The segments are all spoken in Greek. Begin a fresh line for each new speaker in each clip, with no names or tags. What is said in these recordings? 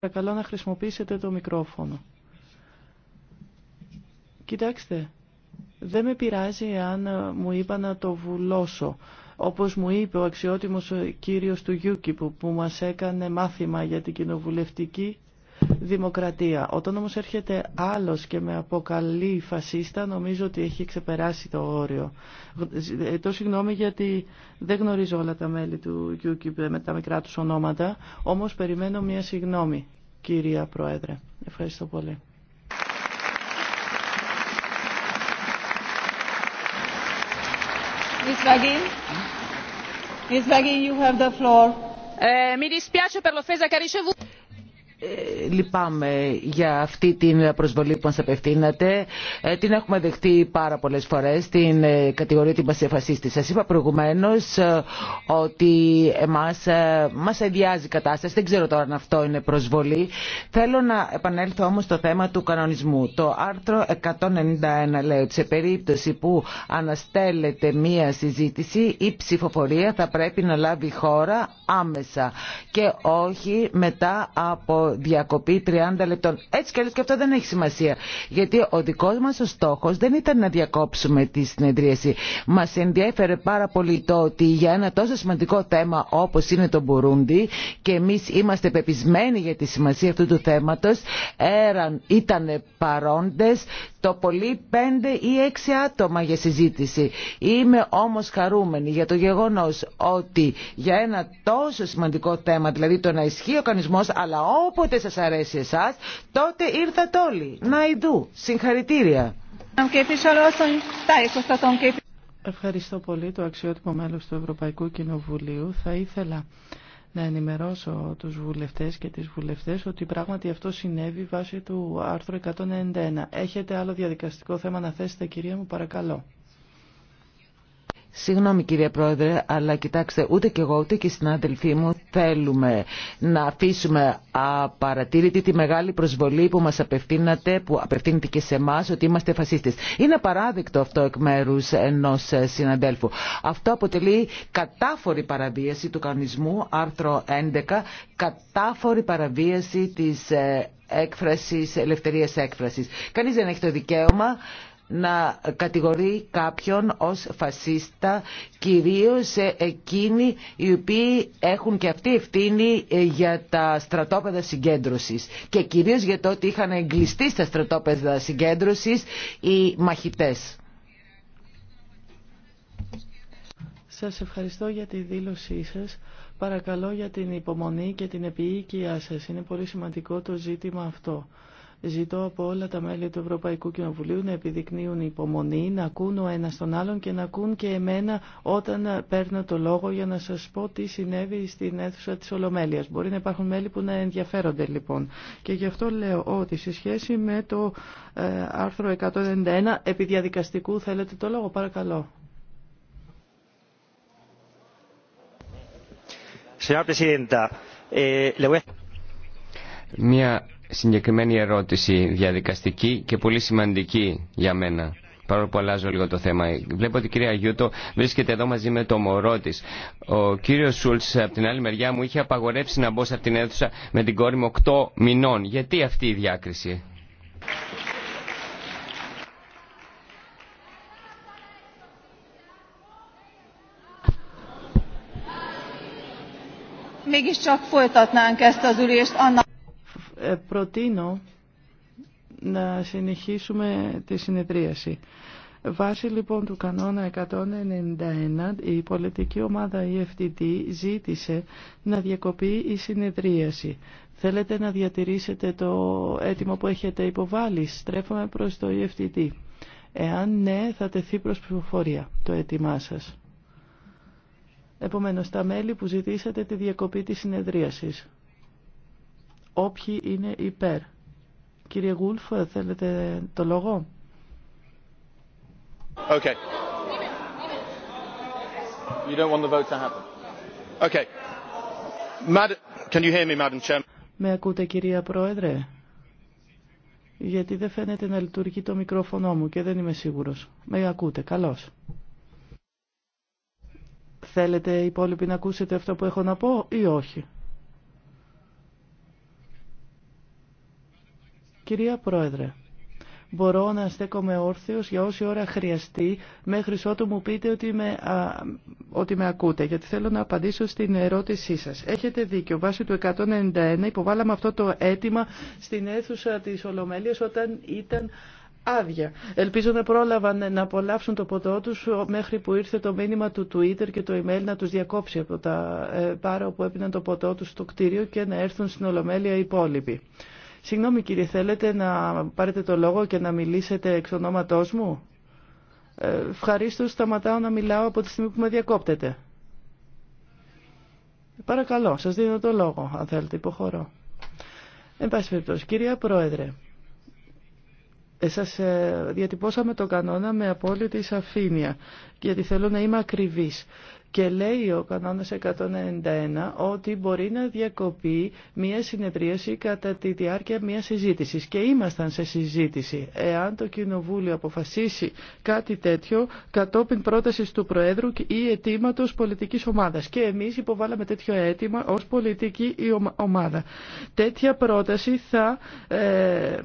Παρακαλώ να χρησιμοποιήσετε το μικρόφωνο. Κοιτάξτε, δεν με πειράζει αν ε, μου είπα να το βουλώσω. Όπως μου είπε ο αξιότιμος ε, κύριος του Γιούκη που μας έκανε μάθημα για την κοινοβουλευτική δημοκρατία. Όταν όμως έρχεται άλλος και με αποκαλεί φασίστα, νομίζω ότι έχει ξεπεράσει το όριο. Ε, το συγγνώμη γιατί δεν γνωρίζω όλα τα μέλη του UKIP ε, με τα μικρά τους ονόματα, όμως περιμένω μια συγγνώμη, κυρία Πρόεδρε. Ευχαριστώ πολύ.
Miss you have the floor. Mi ε, ε, λυπάμαι για αυτή την προσβολή που μας απευθύνατε. Ε, την έχουμε δεχτεί πάρα πολλές φορές, την ε, κατηγορία την πασιαφασίστη. Σας είπα προηγουμένως ότι εμάς, μας αδειάζει η κατάσταση. Δεν ξέρω τώρα αν αυτό είναι προσβολή. Θέλω να επανέλθω όμως στο θέμα του κανονισμού. Το άρθρο 191 λέει ότι σε περίπτωση που αναστέλλεται μία συζήτηση η ψηφοφορία θα πρέπει να λάβει χώρα άμεσα και όχι μετά από διακοπή 30 λεπτών. Έτσι κι και αυτό δεν έχει σημασία. Γιατί ο δικό μα ο στόχο δεν ήταν να διακόψουμε τη συνεδρίαση. Μα ενδιέφερε πάρα πολύ το ότι για ένα τόσο σημαντικό θέμα όπω είναι το Μπουρούντι και εμεί είμαστε πεπισμένοι για τη σημασία αυτού του θέματο, ήταν παρόντε το πολύ 5 ή 6 άτομα για συζήτηση. Είμαι όμω χαρούμενη για το γεγονό ότι για ένα τόσο σημαντικό θέμα, δηλαδή το να ισχύει ο κανισμό, αλλά Όποτε σας αρέσει εσάς, τότε ήρθατε όλοι. Να ειδού. Συγχαρητήρια.
Ευχαριστώ πολύ το αξιότιμο μέλος του Ευρωπαϊκού Κοινοβουλίου. Θα ήθελα να ενημερώσω τους βουλευτές και τις βουλευτές ότι πράγματι αυτό συνέβη βάσει του άρθρου 191. Έχετε άλλο διαδικαστικό θέμα να θέσετε κυρία μου παρακαλώ.
Συγγνώμη κύριε Πρόεδρε, αλλά κοιτάξτε, ούτε κι εγώ ούτε και οι συνάδελφοί μου θέλουμε να αφήσουμε απαρατήρητη τη μεγάλη προσβολή που μας απευθύνατε, που απευθύνεται και σε εμά ότι είμαστε φασίστες. Είναι απαράδεκτο αυτό εκ μέρου ενός συναδέλφου. Αυτό αποτελεί κατάφορη παραβίαση του κανονισμού, άρθρο 11, κατάφορη παραβίαση της ε, έκφρασης, ελευθερίας έκφρασης. Κανείς δεν έχει το δικαίωμα να κατηγορεί κάποιον ως φασίστα, κυρίως εκείνοι οι οποίοι έχουν και αυτή ευθύνη ε, για τα στρατόπεδα συγκέντρωσης και κυρίως για το ότι είχαν εγκλειστεί στα στρατόπεδα συγκέντρωσης οι
μαχητές. Σας ευχαριστώ για τη δήλωσή σας. Παρακαλώ για την υπομονή και την επίοικιά σας. Είναι πολύ σημαντικό το ζήτημα αυτό. Ζητώ από όλα τα μέλη του Ευρωπαϊκού Κοινοβουλίου να επιδεικνύουν υπομονή, να ακούν ο ένας τον άλλον και να ακούν και εμένα όταν παίρνω το λόγο για να σας πω τι συνέβη στην αίθουσα της Ολομέλειας. Μπορεί να υπάρχουν μέλη που να ενδιαφέρονται λοιπόν. Και γι' αυτό λέω ότι σε σχέση με το ε, άρθρο 191 επί θέλετε το λόγο. Παρακαλώ. Eh, Μια συγκεκριμένη ερώτηση διαδικαστική και πολύ σημαντική για μένα. Παρόλο που αλλάζω λίγο το θέμα. Βλέπω ότι η κυρία Γιούτο βρίσκεται εδώ μαζί με το μωρό τη. Ο κύριο Σούλτ από την άλλη μεριά μου είχε απαγορεύσει να μπω σε αυτήν την αίθουσα με την κόρη μου 8 μηνών. Γιατί αυτή η διάκριση.
mégiscsak folytatnánk ezt az ülést
ε, προτείνω να συνεχίσουμε τη συνεδρίαση. Βάσει λοιπόν του κανόνα 191, η πολιτική ομάδα EFTD ζήτησε να διακοπεί η συνεδρίαση. Θέλετε να διατηρήσετε το αίτημα που έχετε υποβάλει. Στρέφουμε προς το EFTD. Εάν ναι, θα τεθεί προς πληροφορία το αίτημά σας. Επομένως, τα μέλη που ζητήσατε τη διακοπή της συνεδρίασης. Όποιοι είναι υπέρ. Κύριε Γούλφ, θέλετε το λόγο. Okay. You don't want the vote to happen. Okay. Mad Can you hear me, Madam Chairman? Με ακούτε, κυρία Πρόεδρε. Γιατί δεν φαίνεται να λειτουργεί το μικρόφωνο μου και δεν είμαι σίγουρος. Με ακούτε, καλώς. Θέλετε οι υπόλοιποι να ακούσετε αυτό που έχω να πω ή όχι. Κυρία Πρόεδρε, μπορώ να στέκομαι όρθιος για όση ώρα χρειαστεί μέχρι ότου μου πείτε ότι με, ότι με ακούτε γιατί θέλω να απαντήσω στην ερώτησή σας. Έχετε δίκιο. Βάσει του 191 υποβάλαμε αυτό το αίτημα στην αίθουσα της Ολομέλειας όταν ήταν άδεια. Ελπίζω να πρόλαβαν να απολαύσουν το ποτό τους μέχρι που ήρθε το μήνυμα του Twitter και το email να τους διακόψει από τα ε, πάρα που έπιναν το ποτό τους στο κτίριο και να έρθουν στην Ολομέλεια οι υπόλοιποι. Συγγνώμη κύριε, θέλετε να πάρετε το λόγο και να μιλήσετε εξ ονόματός μου. Ε, ευχαρίστω σταματάω να μιλάω από τη στιγμή που με διακόπτετε. Παρακαλώ, σας δίνω το λόγο, αν θέλετε, υποχωρώ. Εν πάση περιπτώσει, κυρία Πρόεδρε, ε, σας ε, διατυπώσαμε το κανόνα με απόλυτη σαφήνεια, γιατί θέλω να είμαι ακριβής. Και λέει ο κανόνας 191 ότι μπορεί να διακοπεί μια συνεδρίαση κατά τη διάρκεια μιας συζήτησης. Και ήμασταν σε συζήτηση. Εάν το Κοινοβούλιο αποφασίσει κάτι τέτοιο κατόπιν πρότασης του Προέδρου ή αιτήματο πολιτικής ομάδας. Και εμείς υποβάλαμε τέτοιο αίτημα ως πολιτική ομάδα. Τέτοια πρόταση θα ε,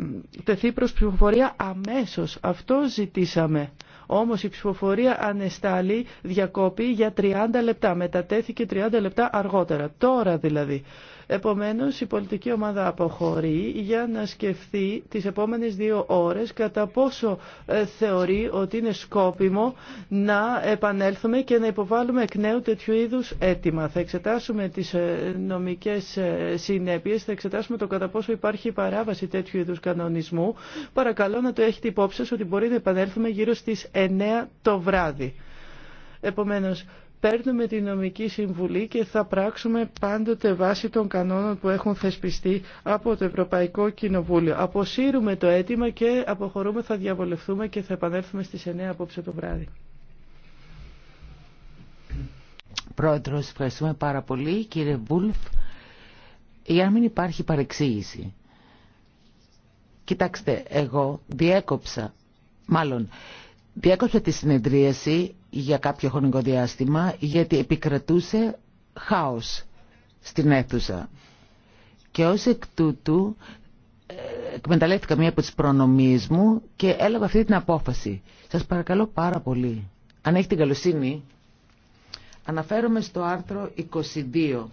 τεθεί προς πληροφορία αμέσως. Αυτό ζητήσαμε. Όμως η ψηφοφορία ανεστάλει, διακόπη για 30 λεπτά. Μετατέθηκε 30 λεπτά αργότερα. Τώρα δηλαδή. Επομένως, η πολιτική ομάδα αποχωρεί για να σκεφτεί τις επόμενες δύο ώρες κατά πόσο ε, θεωρεί ότι είναι σκόπιμο να επανέλθουμε και να υποβάλουμε εκ νέου τέτοιου είδους αίτημα. Θα εξετάσουμε τις ε, νομικές ε, συνέπειες, θα εξετάσουμε το κατά πόσο υπάρχει παράβαση τέτοιου είδους κανονισμού. Παρακαλώ να το έχετε υπόψη ότι μπορεί να επανέλθουμε γύρω στις 9 το βράδυ. Επομένως, παίρνουμε τη νομική συμβουλή και θα πράξουμε πάντοτε βάσει των κανόνων που έχουν θεσπιστεί από το Ευρωπαϊκό Κοινοβούλιο. Αποσύρουμε το αίτημα και αποχωρούμε, θα διαβολευτούμε και θα επανέλθουμε στις 9 απόψε το βράδυ.
Πρόεδρο. ευχαριστούμε πάρα πολύ. Κύριε Βούλφ, για να μην υπάρχει παρεξήγηση. Κοιτάξτε, εγώ διέκοψα, μάλλον διέκοψα τη συνεδρίαση για κάποιο χρονικό διάστημα γιατί επικρατούσε χάος στην αίθουσα. Και ως εκ τούτου ε, εκμεταλλεύτηκα μία από τις προνομίες μου και έλαβα αυτή την απόφαση. Σας παρακαλώ πάρα πολύ. Αν έχει την καλοσύνη, αναφέρομαι στο άρθρο 22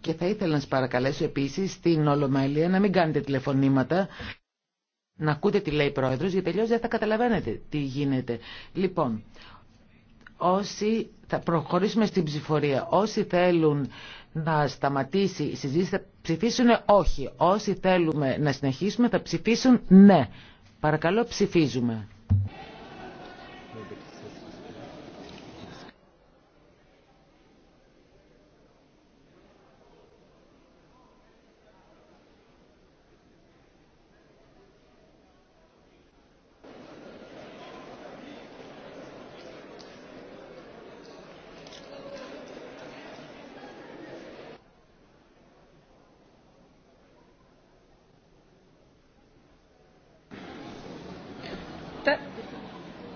και θα ήθελα να σας παρακαλέσω επίσης στην Ολομέλεια να μην κάνετε τηλεφωνήματα, να ακούτε τι λέει η Πρόεδρος, γιατί τελειώς δεν θα καταλαβαίνετε τι γίνεται. Λοιπόν, όσοι θα προχωρήσουμε στην ψηφορία. Όσοι θέλουν να σταματήσει η συζήτηση θα ψηφίσουν όχι. Όσοι θέλουμε να συνεχίσουμε θα ψηφίσουν ναι. Παρακαλώ ψηφίζουμε.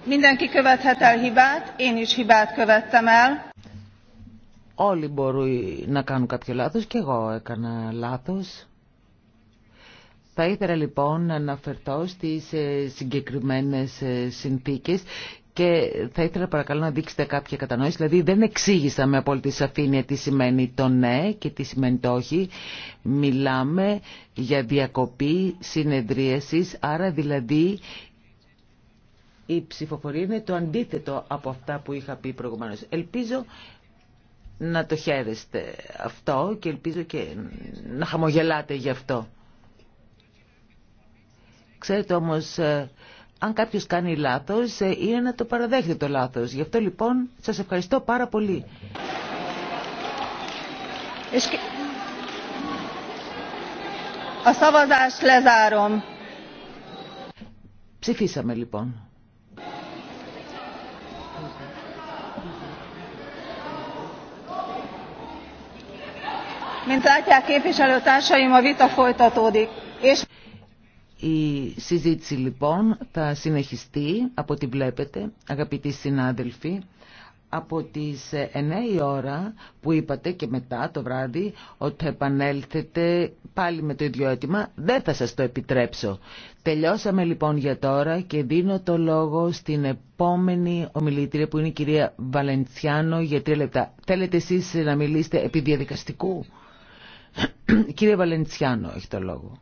Mindenki követhet el hibát, én is Όλοι μπορούν να κάνουν κάποιο λάθος και εγώ έκανα λάθος. Θα ήθελα λοιπόν να αναφερθώ στις ε, συγκεκριμένες ε, συνθήκες και θα ήθελα παρακαλώ να δείξετε κάποια κατανόηση. Δηλαδή δεν εξήγησα με απόλυτη σαφήνεια τι σημαίνει το ναι και τι σημαίνει το όχι. Μιλάμε για διακοπή συνεδρίασης, άρα δηλαδή η ψηφοφορία είναι το αντίθετο από αυτά που είχα πει προηγουμένως. Ελπίζω να το χαίρεστε αυτό και ελπίζω και να χαμογελάτε γι' αυτό. Ξέρετε όμως, ε, αν κάποιος κάνει λάθος, ε, είναι να το παραδέχεται το λάθος. Γι' αυτό λοιπόν σας ευχαριστώ πάρα πολύ. Ψηφίσαμε λοιπόν. Η συζήτηση λοιπόν θα συνεχιστεί από ό,τι βλέπετε, αγαπητοί συνάδελφοι, από τις 9 ε, η ώρα που είπατε και μετά το βράδυ ότι θα επανέλθετε πάλι με το ίδιο αίτημα, δεν θα σας το επιτρέψω. Τελειώσαμε λοιπόν για τώρα και δίνω το λόγο στην επόμενη ομιλήτρια που είναι η κυρία Βαλεντσιάνο για τρία λεπτά. Θέλετε εσείς να μιλήσετε επί διαδικαστικού. Κύριε Βαλεντσιάνο, έχει το λόγο.